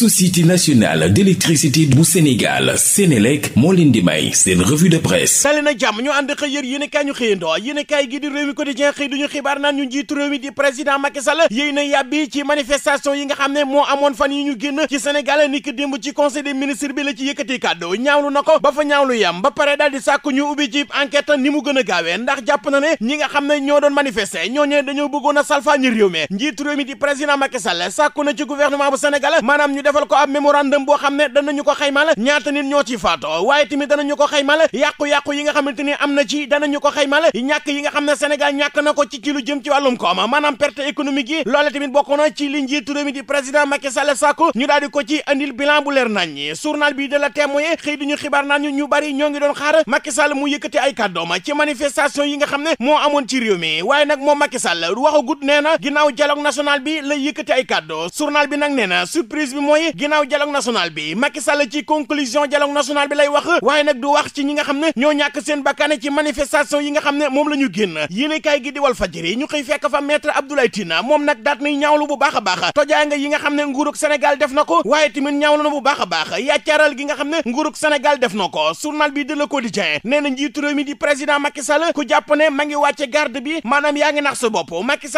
société nationale d'électricité bu Sénégal Sénélec moo leen di may seen revue de presse dali na jàmm ñu ànd xëy yër yéenekaay ñu xëyandoo yéenekaay gi di Rewmi Quotidien xëy duñu xibaar naan ñu njiitu réew di président Macky Sall na yàbbi ci manifestation yi nga xam ne moo amoon fan yi ñu génn ci Sénégal ni ki ci conseil des bi la ci yëkkati kàddu ñaawlu na ko ba fa ñaawlu yam ba pare daal di sàkku ubbi ci enquête ni mu gën a ndax jàpp a defal ko ab mémorandum boo xam ne danañu ko xaymal ñaata nit ñoo ci faatoo waaye tamit danañu ko xaymal yàqu-yàqu yi nga xamante ni am na ci danañu ko xaymal ñàkk yi nga xam ne Sénégal ñàkk na ko ci ci lu jëm ci wàllum kooma maanaam perte économique yi loole tamit bokk na ci li njiitu réew di président Macky Sall sàkku ñu daal ko ci andil bilan bu leer nañ ñi journal bi de la témoin xëy di ñu xibaar naan ñu ñu bari ñoo ngi doon xaar xam ne moo amoon ci réew mi waaye nag moom Macky Sall na bi la yëkkati ay kàddoo mooy ginnaaw dialogue national bi Macky Sall ci conclusion dialogue national bi lay wax waaye nag du wax ci ñi nga xam ne ñoo ñàkk seen bakkaane ci manifestation yi nga xam ne moom la génn yéenekaay gi di Walf Fadjri ñu xëy fekk fa maître Abdoulaye Tina moom nag daat nay ñaawlu bu baax a baax tojaa yi nga xam ne nguurug Sénégal def na ko waaye tamit ñaawlu na bu baax a baax yaccaaral gi nga xam ko journal bi de Le njiitu réew di président Macky ku jàpp ma ngi wàcce garde bi maanaam yaa ngi nax sa bopp Macky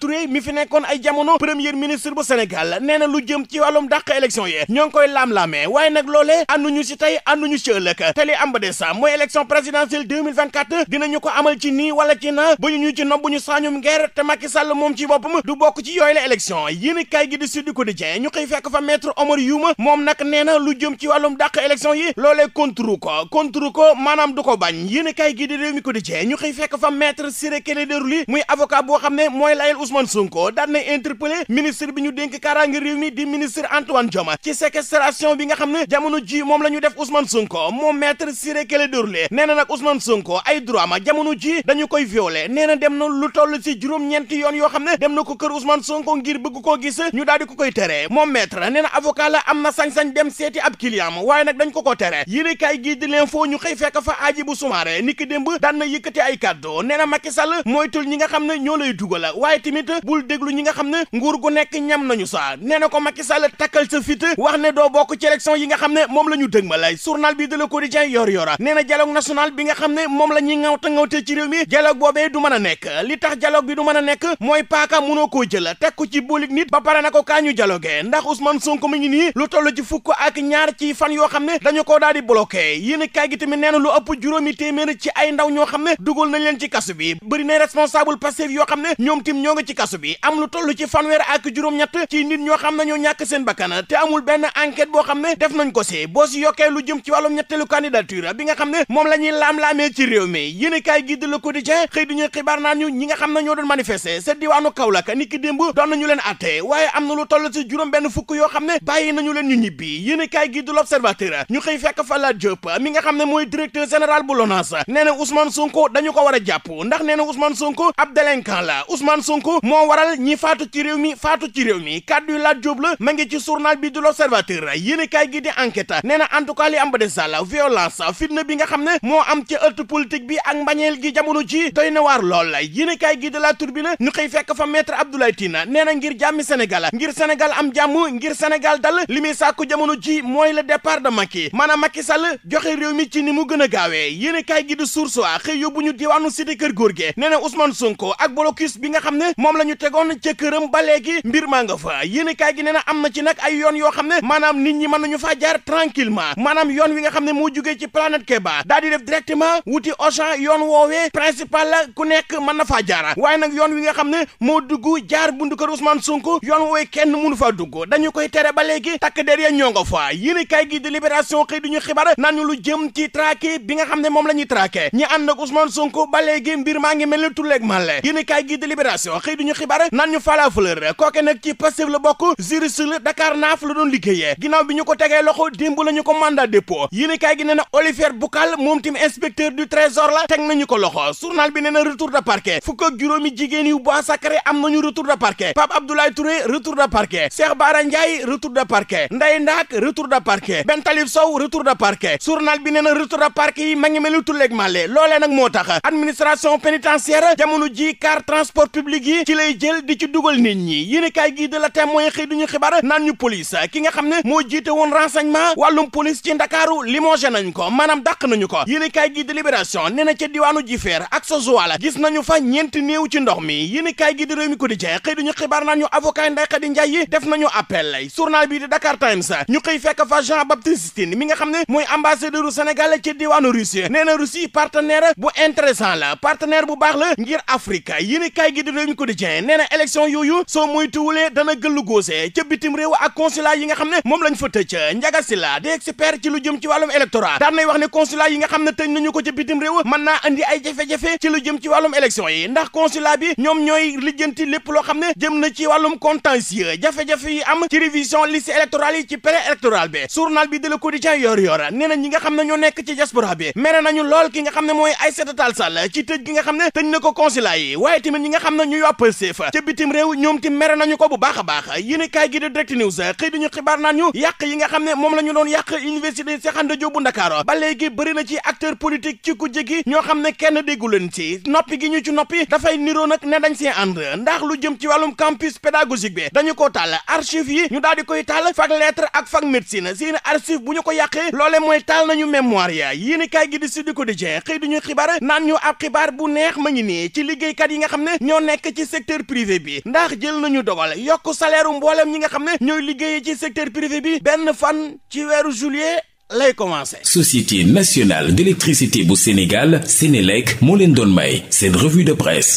Touré mi fi nekkoon ay jamono premier ministre bu Sénégal nee na lu jëm ci wàllum dàq élection yi ñoo koy laam-laamee waaye nag loolee ànduñu si tey ànduñu si ëllëg te li am ba des mooy élection présidentielle 2024 dinañu ko amal ci nii wala ci na ba ñu ci nob ñu saañum ngeer te Macky Sall moom ci boppam du bokk ci yooyu la élection yéen a kaay gi di Sud Quotidien ñu xëy fekk fa maître Omar Youma moom nag nee na lu jëm ci wàllum dàq élection Ousmane Sonko daan na interpellé ministre bi ñu dénk kaaraange réew mi di ministre Antoine Diome ci séquestration bi nga xam ne jamono ji moom la ñu def Ousmane Sonko moom maître Ciré Clédor Ly nee na nag usman Sonko ay droit ma jamono ji dañu koy violé nee na dem na lu toll ci juróom-ñeenti yoon yoo xam ne dem na ko kër Ousmane Sonko ngir bëgg ko gis ñu daal di ko koy tere moom metre nee na avocat la am na sañ-sañ dem seeti ab client waaye nag dañ ko ko tere yéene kaay gii di l'info ñu xëy fekk fa aji bu sumaare niki daan na yëkkati ay kàddu nee na Macky Sall moytul ñi nga xam ne ñoo lay dugal tamit bul déglu ñi nga xam ne nguur gu nekk ñam nañu sa nee ko Macky takkal sa fit wax ne doo bokk ci élection yi nga xam ne moom la ñu dëg ma lay journal bi de Le Quotidien yor yora nee na dialogue bi nga xam ne moom la ñuy ŋawta ŋawte ci réew mi dialogue boobee du mën a nekk li tax dialogue bi du mën a nekk mooy paaka munoo koo jël teg ko ci boolig nit ba pare na ko kaa ñu dialogue ndax Ousmane Sonko mi ngi nii lu toll ci fukk ak ñaar ci fan yoo xam ne dañu koo daal di bloqué yéen kaay gi tamit ñoo xam ne dugal nañ leen yoo xam ne ñoom démb ci kasu bi am lu toll ci fanweer ak juróom-ñett ci nit ñoo xam ne ñoo ñàkk seen bakkan te amul benn enquête boo xam ne def nañ ko si boo si yokkee lu jëm ci wàllum ñetteelu candidature bi nga xam ne moom la ñuy laam-laamee ci réew mi yéenekaay gi di Le Quotidien xëy duñuy xibaar naan ñu ñi nga xam ne ñoo doon manifester sa diwaanu Kaolack ni ki démb doon nañu leen atte waaye am yoo xam ne bàyyi nañu leen ñu ñibbi yéenekaay gi di L'Observateur mi nga xam ne mooy directeur général bu LONASE nee na Ousmane Sonko ko war a jàpp ndax nee na Ousmane Sonko ab délinquant la Ousmane Sonko kooku moo waral ñi faatu ci réew mi faatu ci réew mi kàddu la Diop la ma ngi ci journal bi du l'Observateur yéenekaay gi di enquête nee na en tout cas li am ba des daal violence fitna bi nga xam ne moo am ci ëtt politique bi ak mbañeel gi jamono ji doy na waar lool yéenekaay gi di La Tribune ñu xëy fekk fa metre Abdoulaye Tine nee neena ngir jàmmi Sénégal ngir Sénégal am jàmm ngir Sénégal dal li muy sàkku jamono ji mooy le départ de Macky maanaam Macky Sall joxe réew mi ci ni mu gën a gaawee yéenekaay gi di Source xëy yóbbu ñu diwaanu cité kër góor gi nee na Ousmane Sonko ak blocus bi nga xam ne moom la ñu tegoon ca këram ba léegi mbir maa nga fa gi nee na am na ci nag ay yoon yoo xam ne maanaam nit ñi mën nañu faa jaar tranquillement maanaam yoon wi nga xam ne moo jugee ci planète Keba daal di def directement wuti Auchan yoon woowee principal la ku nekk mën na faa jaara waaye nag yoon wi nga xam ne moo dugg jaar bundu kër Ousmane Sonko yoon woowee kenn mënu faa dugg dañu koy tere ba léegi takk der ya ñoo nga fa yéenekaay gi di Libération xëy duñu xibaar naan lu jëm ci traqué bi nga xam ne moom la ñuy traqué ñi ànd ak Ousmane ba léegi mbir maa ngi mel ni tulleeg màlle yéenekaay gi di Libération xëy duñu xibaar naan ñu Falla Fleur kooke nag ci Pastef bokk juriste la Dakar naaf la doon liggéeyee ginnaaw bi ñu ko tegee loxo démb ñu ko mandat dépôt yéen gi nee na Olivier Boucal moom tim inspecteur du trésor la teg nañu ko loxo journal bi nee na retour de parquet fukk ak juróomi jigéen am nañu retour de parquet Pape Abdoulaye Touré retour de parquet Cheikh Bara Ndiaye retour de Ndaak retour de parquet Talib Sow retour de parquet bi moo tax administration pénitentiaire jamono ji gi ci lay jël di ci dugal nit ñi yéenekaay gi de la Témoin xëy duñu xibaar naan ñu police ki nga xam ne moo jiite woon renseignement wàllum police ci Ndakaaru limogé nañ ko maanaam dàq nañu ko yéenekaay gi de Libération nee na ca diwaanu Jifeer ak sa Joal gis nañu fa ñeenti néew ci ndox mi yéenekaay gi de Rewmi Quotidien xëy duñu xibaar naan ñu avocat Ndeye Khady Ndiaye def nañu appel journal bi di Dakar Times ñu xëy fekk fa Jean Baptiste Tine mi nga xam ne la partenaire bu baax la ngir Quotidien nee na élection yooyu soo moytuwulee dana gëllu góosee ca bitim réew ak consulat yi nga xam ne moom lañ fa tëj Ndiaga Sylla di expert ci lu jëm ci wàllum électorat daan wax ne consulat yi nga xam ne tëj nañu ko ca bitim réew mën naa andi ay jafe-jafe ci lu jëm ci wàllum élection yi ndax consulat bi ñoom ñooy lijjanti lépp loo xam ne jëm na ci wàllum contentieux jafe-jafe yi am ci révision liste électorale yi ci pré-électoral bi Pastef ca bitim réew ñoom ti mere nañu ko bu baax a baax yéen kaay gi de direct news xëy dañu xibaar naan yàq yi nga xam ne moom la doon yàq université Cheikh bu Ndakaaru ba léegi bëri na ci acteur politique ci ku jegi ñoo xam ne kenn déggu leen noppi gi ñu ci noppi dafay niroo ne dañ see ànd ndax lu jëm ci wàllum campus pédagogique bi dañu ko taal archive yi ñu daal koy taal fac lettre ak fac médecine seen archive bu ñu ko yàqee loole ci secteur privé bi ndax jël nañu dogal yokk salaire mboolem ñi nga xam ne ñooy liggéeyee ci secteur privé bi benn fan ci weeru juillet lay commencé. société nationale d'électricité bu Sénégal Sénélec moo leen doon may seen revue de presse.